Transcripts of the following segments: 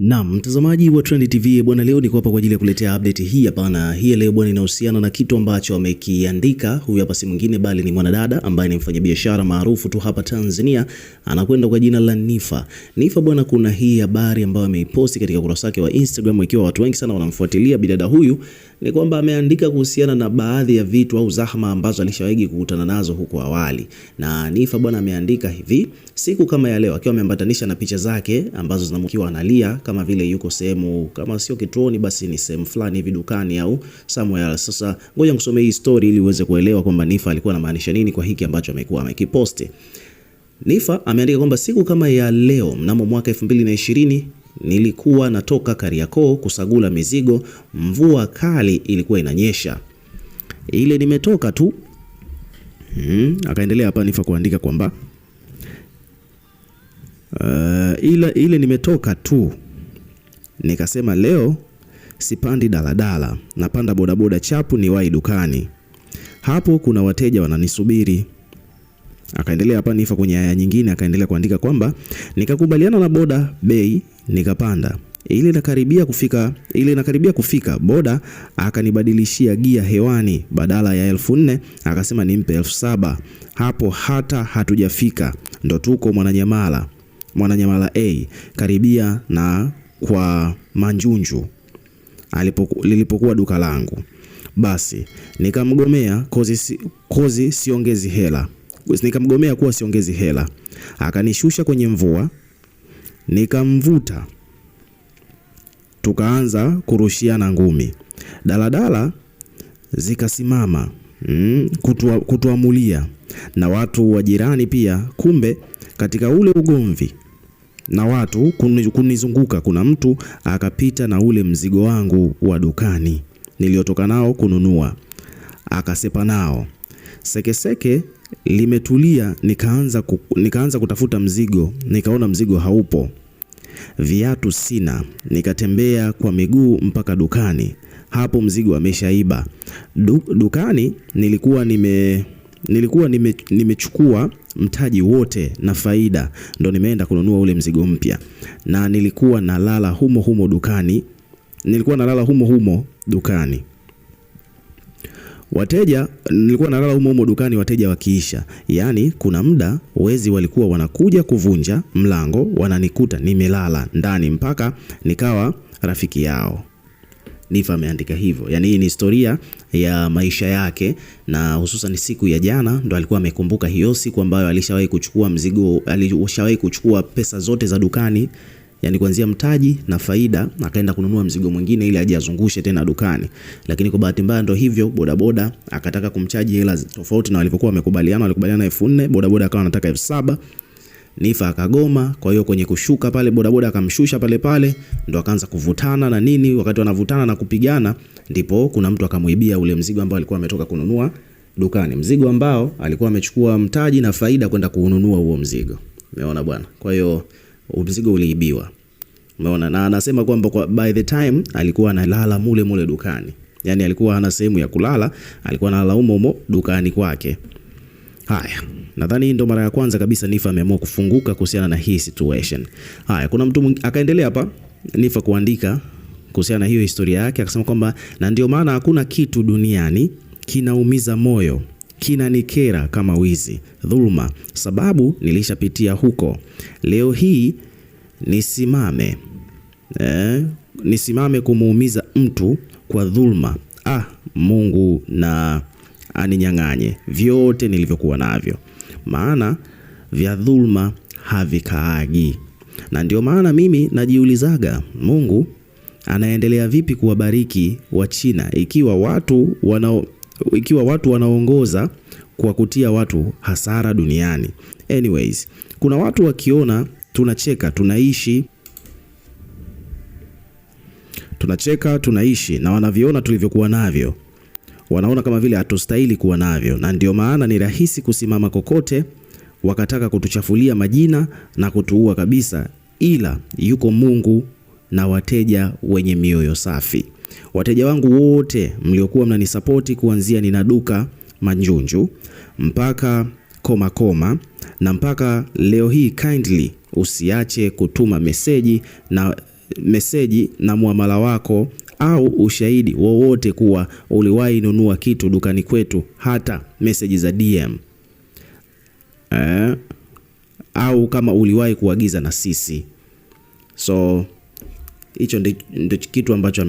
Naam, mtazamaji wa Trend TV bwana, leo niko hapa kwa ajili ya kuletea update hii hapa, na hii leo bwana, inahusiana na kitu ambacho amekiandika huyu hapa, si mwingine bali ni mwanadada ambaye ni mfanyabiashara maarufu tu hapa Tanzania, anakwenda kwa jina la Nifa. Nifa bwana, kuna hii habari ambayo ameiposti katika ukurasa wake wa Instagram, ikiwa watu wengi sana wanamfuatilia bidada huyu, ni kwamba ameandika kuhusiana na baadhi ya vitu au zahma ambazo alishawahi kukutana nazo huko awali, na Nifa bwana ameandika hivi siku kama ya leo, akiwa ameambatanisha na picha zake ambazo zinamkiwa analia kama vile yuko sehemu, kama sio kituoni, basi ni sehemu fulani hivi dukani au somewhere else. Sasa ngoja nikusomee hii story ili uweze kuelewa kwamba Nifa alikuwa anamaanisha nini kwa hiki ambacho amekuwa amekiposti. Nifa ameandika kwamba siku kama ya leo mnamo mwaka 2020 nilikuwa natoka Kariakoo kusagula mizigo, mvua kali ilikuwa inanyesha, ile nimetoka tu hmm. Akaendelea hapa Nifa kuandika kwamba uh, ile, ile nimetoka tu Nikasema leo sipandi daladala, napanda bodaboda chapu ni dukani, hapo kuna wateja wananisubiri. Akaendelea hapa nifa kwenye aya nyingine akaendelea kuandika kwamba nikakubaliana na boda bei nikapanda ile inakaribia kufika, ile inakaribia kufika, boda akanibadilishia gia hewani, badala ya elfu nne akasema nimpe elfu saba Hapo hata hatujafika, ndo tuko Mwananyamala, Mwananyamala A karibia na kwa Manjunju lilipokuwa duka langu, basi nikamgomea kozi, kozi siongezi hela, nikamgomea kuwa siongezi hela, akanishusha kwenye mvua, nikamvuta tukaanza kurushiana ngumi, daladala zikasimama mm, kutuamulia na watu wa jirani pia. Kumbe katika ule ugomvi na watu kunizunguka, kuna mtu akapita na ule mzigo wangu wa dukani niliotoka nao kununua, akasepa nao. Sekeseke limetulia, nikaanza ku, nikaanza kutafuta mzigo, nikaona mzigo haupo, viatu sina, nikatembea kwa miguu mpaka dukani. Hapo mzigo ameshaiba. Du, dukani nilikuwa nime nilikuwa nime, nimechukua mtaji wote na faida ndo nimeenda kununua ule mzigo mpya, na nilikuwa nalala humo humo dukani, nilikuwa nalala humo humo dukani wateja nilikuwa nalala humo humo dukani, wateja wakiisha. Yaani kuna muda wezi walikuwa wanakuja kuvunja mlango, wananikuta nimelala ndani, mpaka nikawa rafiki yao. Nifa ameandika hivyo. Yaani hii ni historia ya maisha yake na hususan siku ya jana ndo alikuwa amekumbuka hiyo siku ambayo alishawahi kuchukua mzigo, alishawahi kuchukua pesa zote za dukani yani kuanzia mtaji na faida akaenda kununua mzigo mwingine ili ajazungushe tena dukani, lakini kwa bahati mbaya ndo hivyo, bodaboda akataka kumchaji hela tofauti na walivyokuwa wamekubaliana. Walikubaliana 4000 bodaboda akawa anataka elfu Nifa akagoma. Kwa hiyo kwenye kushuka pale bodaboda akamshusha pale pale, ndo akaanza kuvutana na nini. Wakati wanavutana na kupigana, ndipo kuna mtu akamwibia ule mzigo ambao alikuwa ametoka kununua dukani, mzigo ambao alikuwa amechukua mtaji na faida kwenda kuununua huo mzigo. Umeona bwana, kwa hiyo mzigo uliibiwa. Umeona, na anasema kwamba kwa by the time alikuwa analala mule mule dukani, yani alikuwa hana sehemu ya kulala, alikuwa analala umo umo dukani kwake. Haya. Nadhani hii ndo mara ya kwanza kabisa Nifa ameamua kufunguka kuhusiana na hii situation. Haya, kuna mtu akaendelea hapa Nifa kuandika kuhusiana na hiyo historia yake, akasema kwamba na ndio maana hakuna kitu duniani kinaumiza moyo kinanikera kama wizi, dhuluma, sababu nilishapitia huko. Leo hii nisimame eh, nisimame kumuumiza mtu kwa dhuluma. Ah, Mungu na aninyang'anye vyote nilivyokuwa navyo maana vya dhulma havikaagi. Na ndio maana mimi najiulizaga Mungu anaendelea vipi kuwabariki China ikiwa watu wana ikiwa watu wanaongoza kwa kutia watu hasara duniani. Anyways, kuna watu wakiona tunacheka tunaishi tunacheka tunaishi na wanavyoona tulivyokuwa navyo wanaona kama vile hatustahili kuwa navyo, na ndio maana ni rahisi kusimama kokote wakataka kutuchafulia majina na kutuua kabisa, ila yuko Mungu na wateja wenye mioyo safi. Wateja wangu wote mliokuwa mnanisapoti kuanzia nina duka Manjunju mpaka Koma Koma na mpaka leo hii, kindly usiache kutuma meseji na meseji na muamala wako au ushahidi wowote kuwa uliwahi nunua kitu dukani kwetu, hata meseji za DM eh, au kama uliwahi kuagiza na sisi. So hicho ndio kitu ambacho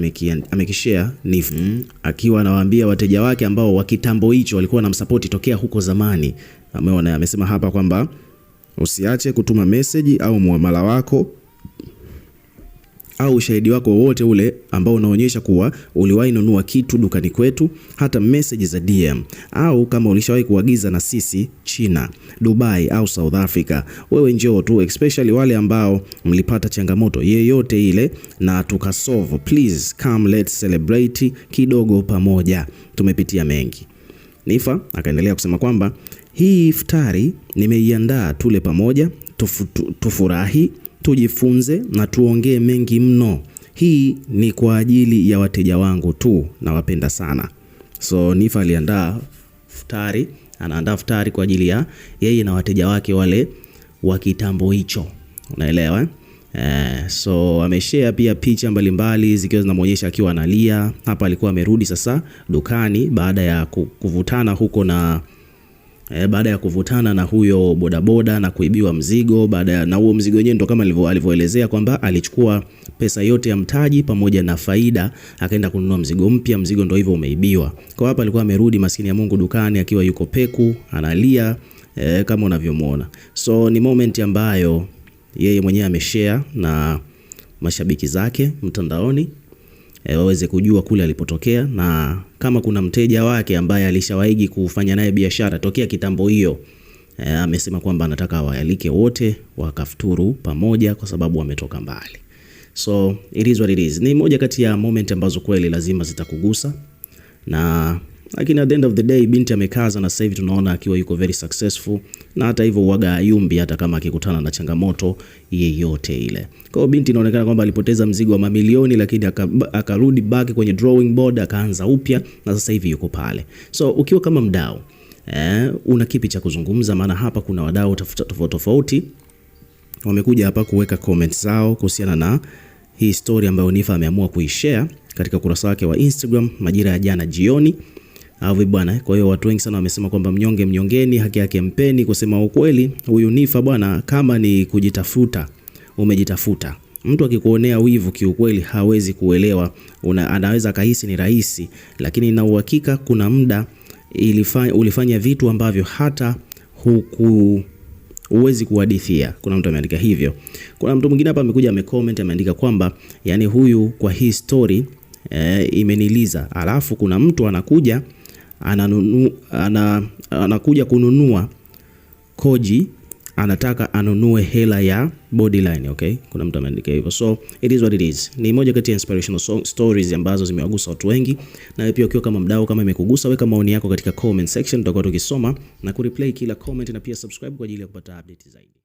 amekishare Niffer mm, akiwa anawaambia wateja wake ambao wa kitambo hicho walikuwa wanamsapoti tokea huko zamani. Ameona amesema hapa kwamba usiache kutuma meseji au muamala wako au ushahidi wako wowote ule ambao unaonyesha kuwa uliwahi nunua kitu dukani kwetu, hata message za DM, au kama ulishawahi kuagiza na sisi China, Dubai au South Africa, wewe njoo tu, especially wale ambao mlipata changamoto yeyote ile na tukasolve. Please come let's celebrate kidogo pamoja, tumepitia mengi. Nifa akaendelea kusema kwamba hii iftari nimeiandaa tule pamoja, tufu, tufurahi tujifunze na tuongee mengi mno. Hii ni kwa ajili ya wateja wangu tu, nawapenda sana. So Nifa aliandaa futari, anaandaa futari kwa ajili ya yeye na wateja wake wale wa kitambo hicho, unaelewa eh? so ameshare pia picha mbalimbali zikiwa zinamuonyesha akiwa analia. Hapa alikuwa amerudi sasa dukani baada ya kuvutana huko na e, baada ya kuvutana na huyo bodaboda na kuibiwa mzigo baada ya, na huo mzigo wenyewe ndo kama alivyoelezea kwamba alichukua pesa yote ya mtaji pamoja na faida akaenda kununua mzigo mpya. Mzigo ndo hivyo umeibiwa. Kwa hapa alikuwa amerudi maskini ya Mungu dukani akiwa yuko peku analia, e, kama unavyomuona. So ni moment ambayo yeye mwenyewe ameshare na mashabiki zake mtandaoni e, waweze kujua kule alipotokea, na kama kuna mteja wake ambaye alishawahi kufanya naye biashara tokea kitambo hiyo e, amesema kwamba anataka waalike wote wakafuturu pamoja kwa sababu wametoka mbali. So it is what it is. Ni moja kati ya moment ambazo kweli lazima zitakugusa na lakini at the end of the day binti amekaza, na sasa hivi tunaona akiwa yuko very successful, na hata hivyo uaga ayumbi hata kama akikutana na changamoto yeyote ile. Kwa binti inaonekana kwamba alipoteza mzigo wa mamilioni, lakini akarudi back kwenye drawing board, akaanza upya na sasa hivi yuko pale. So ukiwa kama mdau eh, una kipi cha kuzungumza? Maana hapa kuna wadau tofauti tofauti wamekuja hapa kuweka comments zao kuhusiana na hii story ambayo Niffer ameamua kuishare katika ukurasa wake wa Instagram majira ya jana jioni. Avi bwana. Eh? Kwa hiyo watu wengi sana wamesema kwamba mnyonge mnyongeni, haki yake mpeni. Kusema ukweli, huyu Nifa bwana, kama ni kujitafuta, umejitafuta. Mtu akikuonea wivu kiukweli hawezi kuelewa una, anaweza kahisi ni rahisi, lakini na uhakika kuna muda ilifanya, ulifanya vitu ambavyo hata huku huwezi kuhadithia. Kuna mtu ameandika hivyo. Kuna mtu mwingine hapa amekuja amecomment ameandika kwamba yani huyu kwa hii story eh, imeniliza. Alafu kuna mtu anakuja ananunu, ana, anakuja kununua Koji anataka anunue hela ya Bodyline, okay? Kuna mtu ameandika hivyo, so it is what it is. Ni moja kati ya inspirational so stories ambazo zimewagusa watu wengi, na pia ukiwa kama mdau, kama imekugusa, weka maoni yako katika comment section, tutakuwa tukisoma na kureplay kila comment, na pia subscribe kwa ajili ya kupata update zaidi.